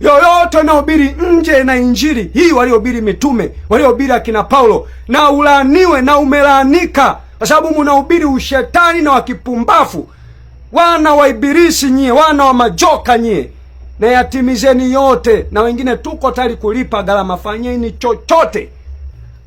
yoyote wanaohubiri nje na injili hii waliohubiri mitume waliohubiri akina Paulo, na ulaaniwe na umelaanika, kwa sababu munahubiri ushetani na wakipumbafu, wana wa Ibilisi nyie, wana wa majoka nyie, na yatimizeni yote, na wengine tuko tayari kulipa gharama, fanyeni chochote,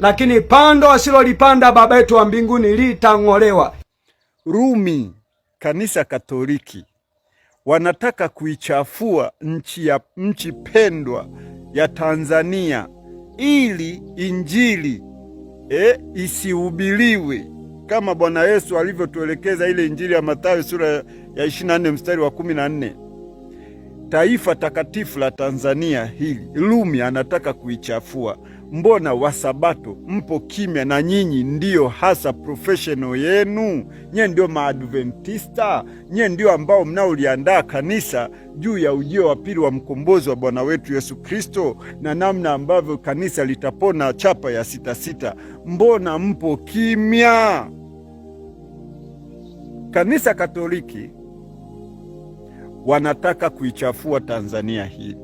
lakini pando asilolipanda Baba yetu wa mbinguni litang'olewa. Rumi, Kanisa Katoliki wanataka kuichafua nchi, ya, nchi pendwa ya Tanzania ili injili e, isihubiriwe kama Bwana Yesu alivyotuelekeza ile Injili ya Mathayo sura ya 24 mstari wa 14. Taifa takatifu la Tanzania hili Lumi anataka kuichafua. Mbona wasabato mpo kimya? Na nyinyi ndiyo hasa profeshono yenu. Nyie ndio maadventista, nyie ndio ambao mnaoliandaa kanisa juu ya ujio wa pili wa mkombozi wa Bwana wetu Yesu Kristo na namna ambavyo kanisa litapona chapa ya sita sita. Mbona mpo kimya? Kanisa Katoliki wanataka kuichafua Tanzania hii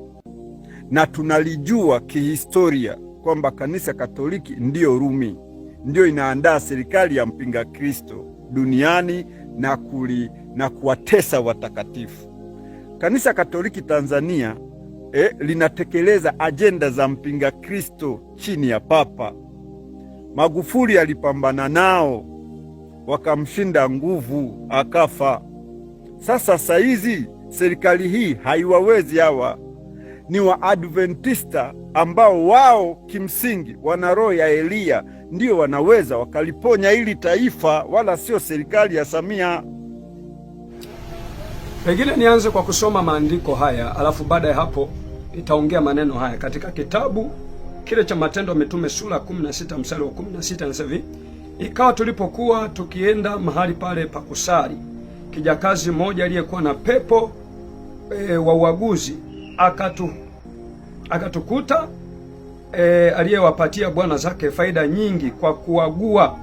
na tunalijua kihistoria kwamba kanisa Katoliki ndiyo Rumi, ndiyo inaandaa serikali ya mpinga Kristo duniani na, kuli, na kuwatesa watakatifu. Kanisa Katoliki Tanzania eh, linatekeleza ajenda za mpinga Kristo chini ya Papa. Magufuli alipambana nao wakamshinda nguvu, akafa. Sasa saizi serikali hii haiwawezi hawa ni Waadventista ambao wao kimsingi wana roho ya Eliya, ndio wanaweza wakaliponya hili taifa, wala sio serikali ya Samia. Pengine nianze kwa kusoma maandiko haya, alafu baada ya hapo nitaongea maneno haya katika kitabu kile cha Matendo ya Mitume sura 16 mstari wa 16, nasema, hivi: ikawa tulipokuwa tukienda mahali pale pa kusali, kijakazi mmoja aliyekuwa na pepo e, wa uaguzi akatu akatukuta e, aliyewapatia bwana zake faida nyingi kwa kuagua.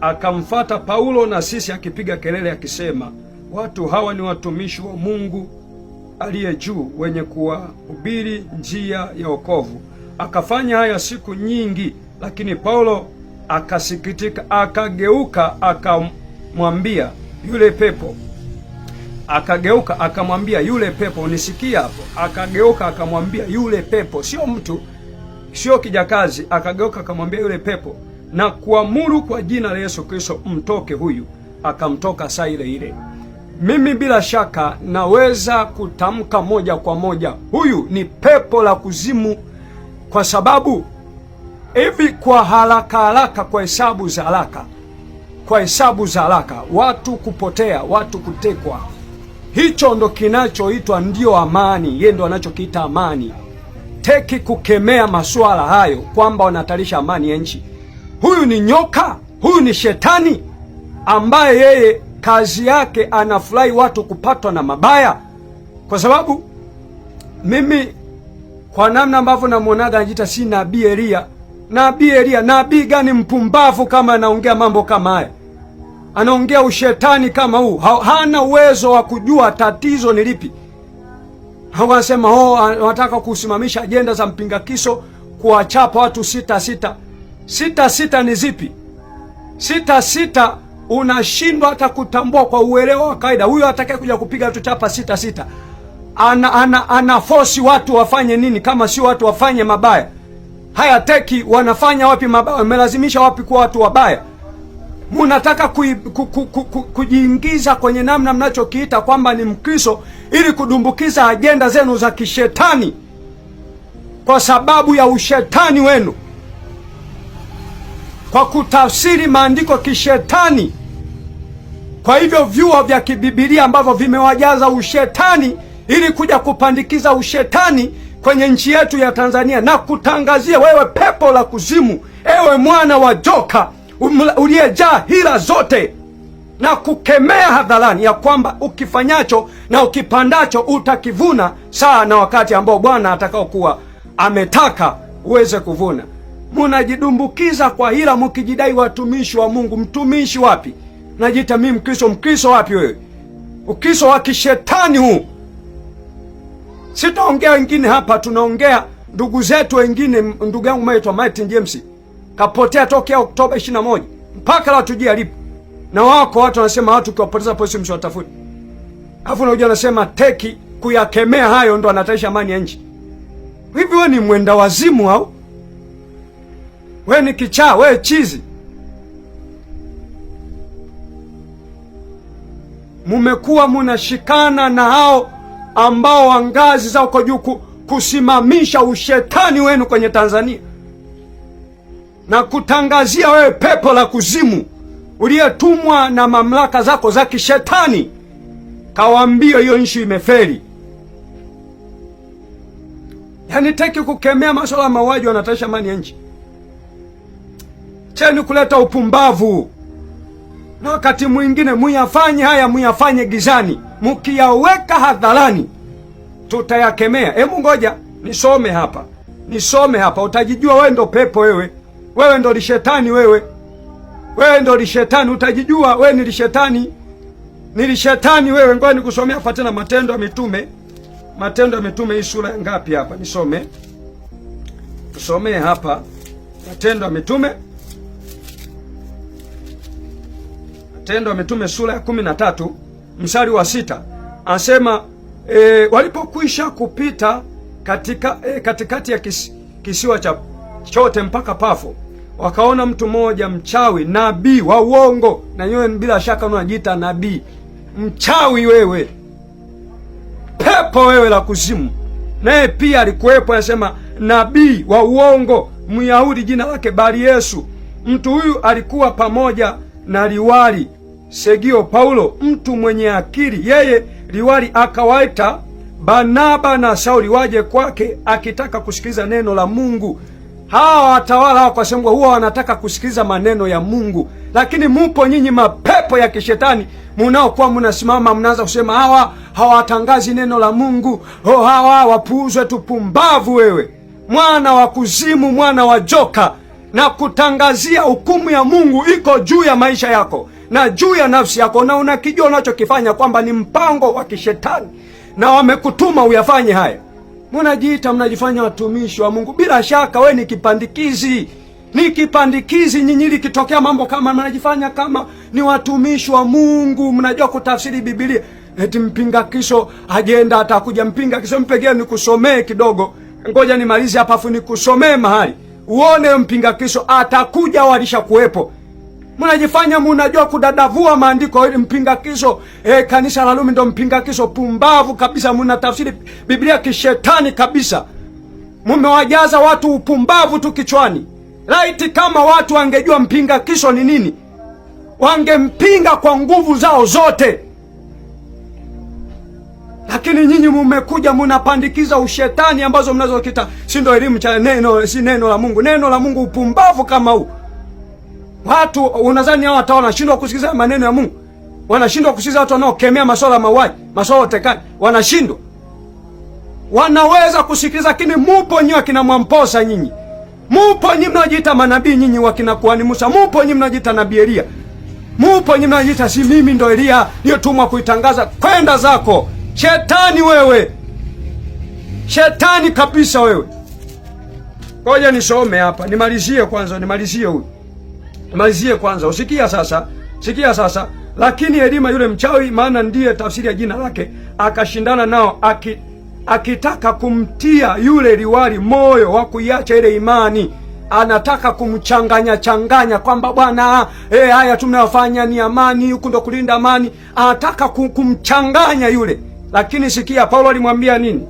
Akamfata Paulo na sisi akipiga kelele akisema, watu hawa ni watumishi wa Mungu aliye juu, wenye kuwahubiri njia ya wokovu. Akafanya haya siku nyingi, lakini Paulo akasikitika, akageuka, akamwambia yule pepo Akageuka akamwambia yule pepo, unisikia hapo? Akageuka akamwambia yule pepo, sio mtu, sio kijakazi. Akageuka akamwambia yule pepo, na kuamuru kwa jina la Yesu Kristo, mtoke huyu. Akamtoka saa ile ile. Mimi bila shaka naweza kutamka moja kwa moja, huyu ni pepo la kuzimu, kwa sababu hivi, kwa haraka haraka, kwa hesabu za haraka, kwa hesabu za haraka, watu kupotea, watu kutekwa Hicho ndo kinachoitwa ndio amani, yeye ndo anachokiita amani. Teki kukemea masuala hayo kwamba wanatarisha amani ya nchi. Huyu ni nyoka, huyu ni shetani ambaye yeye kazi yake anafurahi watu kupatwa na mabaya, kwa sababu mimi kwa namna ambavyo namwonaga anajiita si nabii Elia. Nabii Elia, nabii gani mpumbavu kama anaongea mambo kama haya? anaongea ushetani kama huu, ha, hana uwezo wa kujua tatizo ni lipi. Wanasema oh, wanataka kusimamisha ajenda za mpinga kiso, kuwachapa watu sita sita sita sita. Ni zipi sita sita? Unashindwa hata kutambua kwa uelewa wa kawaida. Huyo atakaye kuja kupiga tu chapa sita sita, ana, ana, ana fosi watu wafanye nini kama sio watu wafanye mabaya? Haya teki wanafanya wapi mabaya? Wamelazimisha wapi kuwa watu wabaya? munataka kujiingiza kwenye namna mnachokiita kwamba ni Mkristo ili kudumbukiza ajenda zenu za kishetani kwa sababu ya ushetani wenu, kwa kutafsiri maandiko kishetani. Kwa hivyo vyuo vya kibibilia ambavyo vimewajaza ushetani ili kuja kupandikiza ushetani kwenye nchi yetu ya Tanzania, na kutangazia wewe pepo la kuzimu, ewe mwana wa joka uliyejaa hila zote na kukemea hadharani ya kwamba ukifanyacho na ukipandacho utakivuna saa na wakati ambao Bwana atakaokuwa ametaka uweze kuvuna. Munajidumbukiza kwa hila mukijidai watumishi wa Mungu. Mtumishi wapi? Najiita mimi Mkristo. Mkristo wapi wewe? Ukristo wa kishetani huu. Sitaongea wengine hapa, tunaongea ndugu zetu wengine. Ndugu yangu maitwa Martin James kapotea tokea Oktoba 21 mpaka leo tujia lipo. Na wako watu wanasema watu kiwapoteza polisi msiwatafute, alafu unakuja anasema teki kuyakemea hayo ndo anataisha amani ya nchi. Hivi we ni mwenda wazimu au we ni kichaa? We chizi, mumekuwa munashikana na hao ambao wa ngazi zao kwa juu kusimamisha ushetani wenu kwenye Tanzania na kutangazia wewe pepo la kuzimu uliyetumwa na mamlaka zako za kishetani, kawaambia hiyo nchi imefeli. Yaani, teki kukemea masuala ya mauaji, wanataisha amani ya nchi cheni kuleta upumbavu, na wakati mwingine muyafanye haya, muyafanye gizani, mukiyaweka hadharani tutayakemea. Hebu ngoja nisome hapa, nisome hapa, utajijua wewe ndo pepo wewe. Wewe ndo lishetani wewe, wewe ndo lishetani, utajijua wewe ni lishetani, ni lishetani wewe. Ngoja nikusomea hapa na Matendo ya Mitume, Matendo ya Mitume hii sura ngapi hapa? Nisome, tusomee hapa Matendo ya Mitume, Matendo ya Mitume sura ya kumi na tatu mstari wa sita anasema e, walipokwisha kupita katika, e, katikati ya kisiwa cha chote mpaka Pafo wakaona mtu mmoja mchawi, nabii wa uongo, na yeye bila shaka unajiita nabii mchawi, wewe pepo wewe la kuzimu. Naye pia alikuwepo, anasema nabii wa uongo Myahudi, jina lake Bali Yesu. Mtu huyu alikuwa pamoja na liwali Segio Paulo, mtu mwenye akili. Yeye liwali akawaita Barnaba na Sauli waje kwake, akitaka kusikiliza neno la Mungu. Hawa watawala hawa kwa shangwe huwa wanataka kusikiliza maneno ya Mungu, lakini mupo nyinyi mapepo ya kishetani munaokuwa munasimama mnaanza kusema hawa hawatangazi neno la Mungu, ho oh, hawa wapuuzwe, tupumbavu wewe, mwana wa kuzimu, mwana wa joka, na kutangazia hukumu ya Mungu iko juu ya maisha yako na juu ya nafsi yako, na unakijua unachokifanya kwamba ni mpango wa kishetani na wamekutuma uyafanye haya mnajiita mnajifanya watumishi wa Mungu, bila shaka we ni kipandikizi, ni kipandikizi. Nyinyi likitokea mambo kama mnajifanya kama ni watumishi wa Mungu, mnajua kutafsiri Biblia eti mpinga kiso ajenda atakuja. Mpinga kiso mpegea, nikusomee kidogo, ngoja nimalize hapa afu nikusomee mahali uone mpinga kiso atakuja, walisha kuwepo mnajifanya munajua kudadavua maandiko ili kiso E, kanisa la lumi ndo kiso. Pumbavu kabisa, mnatafsiri Biblia kishetani kabisa. Mumewajaza watu upumbavu tu kichwani. Laiti kama watu wangejua kiso ni nini, wangempinga kwa nguvu zao zote, lakini nyinyi mumekuja munapandikiza ushetani ambazo mnazokita, si ndo elimu cha neno, si neno la Mungu. Neno la Mungu upumbavu kama huu Watu unadhani hao watawa wanashindwa kusikiza maneno ya Mungu? Wanashindwa kusikiza watu wanaokemea masuala ya mauaji, masuala ya utekaji, wanashindwa. Wanaweza kusikiliza lakini mupo nyinyi wakina Mwamposa nyinyi. Mupo nyinyi mnaojiita manabii nyinyi wakina Kuhani Musa, mupo nyinyi mnaojiita Nabii Elia. Mupo nyinyi mnaojiita si mimi ndo Elia niliyotumwa kuitangaza kwenda zako. Shetani wewe. Shetani kabisa wewe. Ngoja nisome hapa, nimalizie kwanza, nimalizie huyu malizie kwanza, usikia sasa, sikia sasa. Lakini Elima yule mchawi, maana ndiye tafsiri ya jina lake, akashindana nao aki, akitaka kumtia yule liwali moyo wa kuiacha ile imani anataka kumchanganya changanya kwamba bwana eh, haya tunayofanya ni amani, huku ndo kulinda amani. Anataka kumchanganya yule, lakini sikia Paulo alimwambia nini?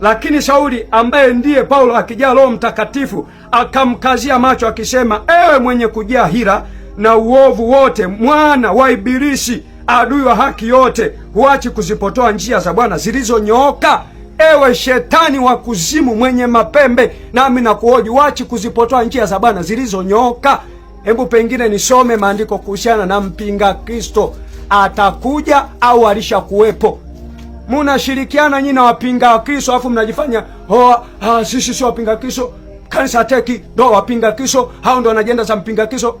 Lakini Sauli ambaye ndiye Paulo akijaa Roho Mtakatifu akamkazia macho akisema, ewe mwenye kujaa hila na uovu wote, mwana wa Ibilisi, adui wa haki yote, huachi kuzipotoa njia za Bwana zilizonyooka. Ewe shetani wa kuzimu mwenye mapembe, nami nakuhoji, wachi kuzipotoa njia za Bwana zilizonyooka. Hebu pengine nisome maandiko kuhusiana na mpinga Kristo, atakuja au alishakuwepo? munashirikiana nyinyi na wapinga Kristo alafu mnajifanya oh, ah, sisi sio wapinga Kristo, kanisa teki ndo wapinga Kristo, hao ndo wanajenda za mpinga Kristo.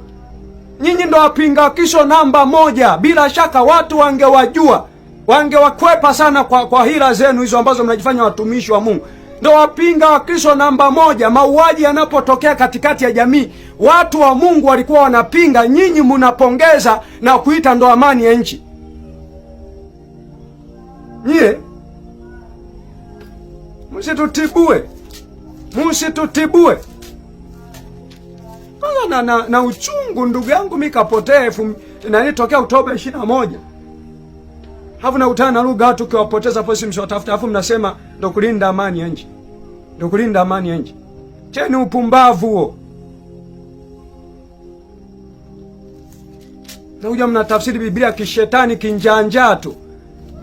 Nyinyi ndo wapinga Kristo namba moja. Bila shaka watu wangewajua, wangewakwepa sana kwa, kwa hila zenu hizo ambazo mnajifanya watumishi wa Mungu. Ndo wapinga wa Kristo namba moja. Mauaji yanapotokea katikati ya jamii, watu wa Mungu walikuwa wanapinga, nyinyi munapongeza na kuita ndo amani ya nchi. Nyie msitutibue, msitutibue kwanza na, na, na uchungu ndugu yangu, mi kapotea elfu nani tokea Oktoba ishirini na moja hafu nakutana na lugha watu ukiwapoteza posi msiwatafuta, afu mnasema ndo kulinda amani ya nchi, ndo kulinda amani ya nchi. Cheni upumbavu huo, nakuja mnatafsiri Biblia kishetani kinjanja tu.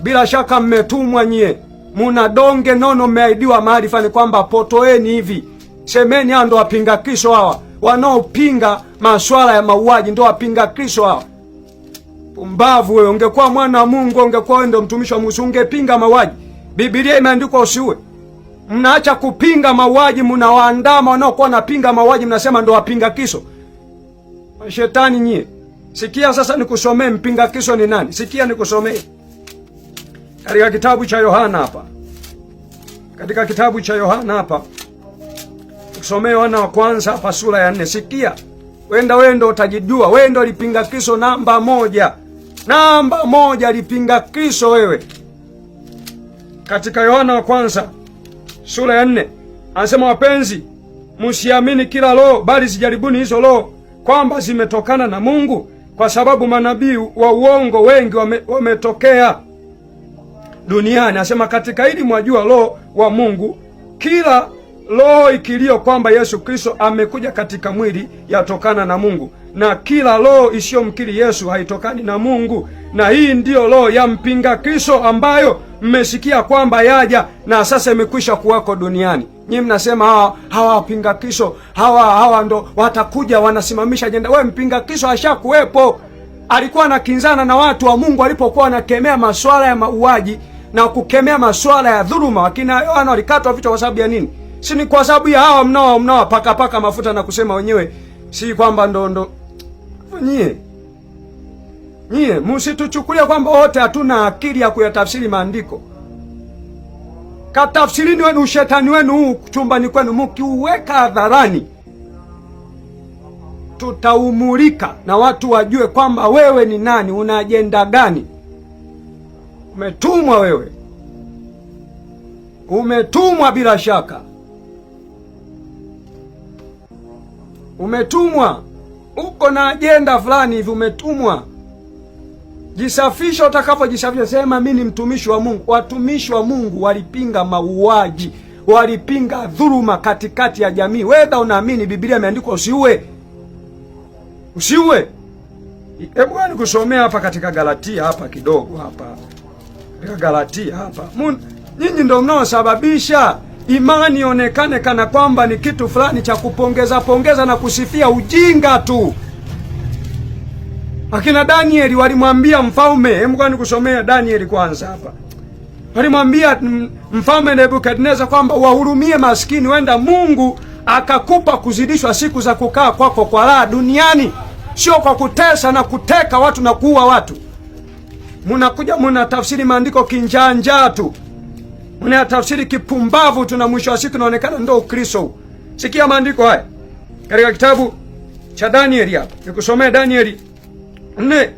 Bila shaka mmetumwa nyie, muna donge nono, mmeahidiwa mahali fani kwamba potoeni hivi, semeni hawa ndo wapinga Kristo, hawa wanaopinga maswala ya mauaji ndo wapinga Kristo hawa. Pumbavu wewe! Ungekuwa mwana wa Mungu, ungekuwa wewe ndo mtumishi wa Mungu, ungepinga mauaji? Biblia imeandikwa usiue. Mnaacha kupinga mauaji, mnawaandama wanaokuwa napinga mauaji, mnasema ndo wapinga Kristo. Shetani nyie! Sikia sasa, nikusomee mpinga Kristo ni nani? Sikia nikusomee katika kitabu cha Yohana hapa, katika kitabu cha Yohana hapa tusomee wana wa kwanza hapa sura ya nne. Sikia, wenda wendo utajijua, wendo alipinga Kristo namba moja, namba moja alipinga Kristo wewe. Katika Yohana wa kwanza sura ya nne anasema, wapenzi, msiamini kila roho, bali zijaribuni hizo roho kwamba zimetokana na Mungu, kwa sababu manabii wa uongo wengi wametokea duniani. Asema katika hili mwajua roho wa Mungu, kila roho ikiliyo kwamba Yesu Kristo amekuja katika mwili yatokana na Mungu, na kila roho isiyomkiri Yesu haitokani na Mungu. Na hii ndiyo roho ya mpinga Kristo ambayo mmesikia kwamba yaja na sasa imekwisha kuwako duniani. Nyi mnasema hawa hawa wapinga Kristo hawa hawa ndo watakuja wanasimamisha ajenda. We mpinga Kristo ashakuwepo, alikuwa anakinzana na watu wa Mungu alipokuwa anakemea masuala ya mauaji na kukemea masuala ya dhuluma. Wakina Yohana walikatwa vichwa kwa sababu ya nini? Si ni kwa sababu ya hawa mnao mnao paka paka mafuta na kusema wenyewe si kwamba ndo ndo nyie nyie, msituchukulia kwamba wote hatuna akili ya kuyatafsiri maandiko. Katafsirini wenu ushetani wenu huu chumbani kwenu, mkiuweka hadharani tutaumulika na watu wajue kwamba wewe ni nani, una ajenda gani. Umetumwa wewe, umetumwa bila shaka, umetumwa. Uko na ajenda fulani hivi, umetumwa. Jisafisha, utakapojisafisha sema mimi ni mtumishi wa Mungu. Watumishi wa Mungu walipinga mauaji, walipinga dhuluma katikati ya jamii. Wedha unaamini Biblia imeandikwa usiue, usiue. Hebu nikusomea hapa katika Galatia hapa kidogo hapa Galatia hapa, nyinyi ndio mnaosababisha imani ionekane kana kwamba ni kitu fulani cha kupongeza pongeza na kusifia ujinga tu. Akina Danieli walimwambia mfalme, hebu kwani kusomea Danieli kwanza hapa. Walimwambia mfalme Nebukadneza kwamba wahurumie maskini, wenda Mungu akakupa kuzidishwa siku za kukaa kwako kwa raha duniani, sio kwa kutesa na kuteka watu na kuua watu munakuja munatafsiri maandiko kinjanja tu, munatafsiri kipumbavu tu, na mwisho wa siku tunaonekana ndio Ukristo. Sikia maandiko haya katika kitabu cha Danieli hapa, nikusomee Danieli nne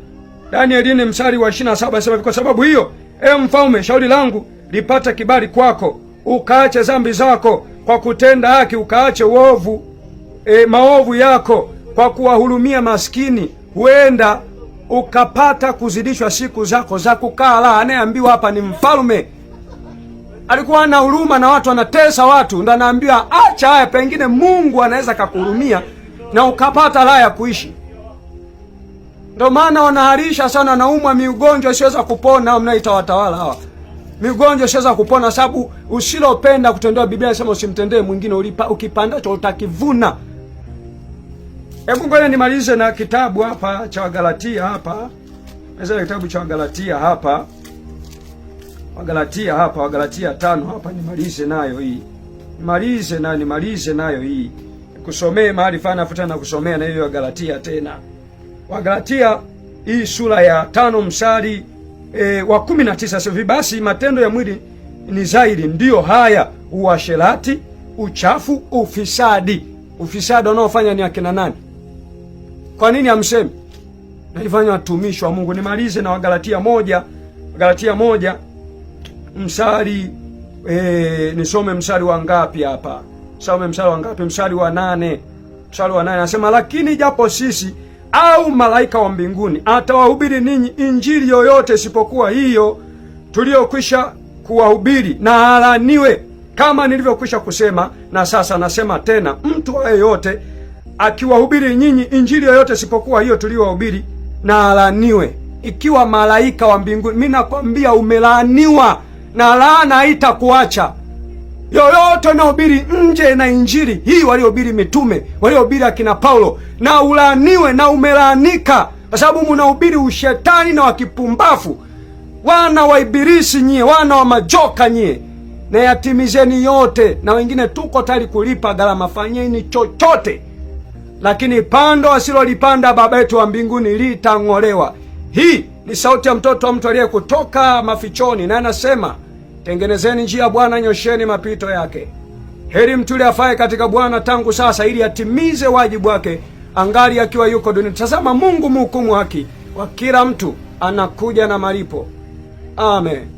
Danieli ni mstari wa ishirini na saba kwa sababu hiyo, e mfalme, shauri langu lipata kibali kwako, ukaache zambi zako kwa kutenda haki, ukaache uovu e, maovu yako kwa kuwahurumia maskini, huenda ukapata kuzidishwa siku zako za kukaa la. Anayeambiwa hapa ni mfalme, alikuwa ana huruma na watu, anatesa watu, ndo anaambiwa acha haya, pengine Mungu anaweza kakuhurumia na ukapata raha ya kuishi. Ndo maana wanaharisha sana, naumwa miugonjwa isiweza kupona, mnaita watawala hawa migonjwa siweza kupona, sababu usilopenda kutendewa, Biblia inasema usimtendee mwingine ukipandacho utakivuna. Hebu ngoja nimalize na kitabu hapa cha Wagalatia hapa. Naweza na kitabu cha Wagalatia hapa. Wagalatia hapa, Wagalatia tano hapa nimalize nayo hii. Nimalize na nimalize nayo hii. Kusomee mahali fana futa na kusomea na hiyo Wagalatia tena. Wagalatia hii sura ya tano mstari e, wa 19 sio vibasi matendo ya mwili ni zaidi ndiyo haya uasherati, uchafu, ufisadi. Ufisadi wanaofanya ni akina nani? Kwa nini amsemi? Naifanya watumishi wa Mungu. Nimalize na Wagalatia moja, Wagalatia moja msari e, nisome msari wa ngapi hapa? Some msari wa ngapi? Msari wa nane. Msari wa nane anasema, lakini japo sisi au malaika wa mbinguni atawahubiri ninyi injili yoyote isipokuwa hiyo tuliyokwisha kuwahubiri, na alaniwe. Kama nilivyokwisha kusema na sasa nasema tena, mtu yeyote akiwahubiri nyinyi injili yoyote isipokuwa hiyo tuliyowahubiri, na alaniwe. Ikiwa malaika wa mbinguni, mimi nakwambia umelaaniwa, na laana haitakuacha yoyote unaohubiri nje na injili hii waliohubiri mitume waliohubiri akina Paulo, na ulaaniwe na umelaanika, kwa sababu mnahubiri ushetani na wakipumbafu, wana wa Ibilisi nyie, wana wa majoka nyie. Na yatimizeni yote, na wengine tuko tayari kulipa gharama. Fanyeni chochote lakini pando asilolipanda Baba yetu wa mbinguni litang'olewa. Hii ni sauti ya mtoto wa mtu aliye kutoka mafichoni, naye anasema, tengenezeni njia ya Bwana, nyosheni mapito yake. Heri mtu yule afaye katika Bwana tangu sasa, ili atimize wajibu wake angali akiwa yuko duniani. Tazama, Mungu mhukumu haki wa kila mtu anakuja na malipo. Amen.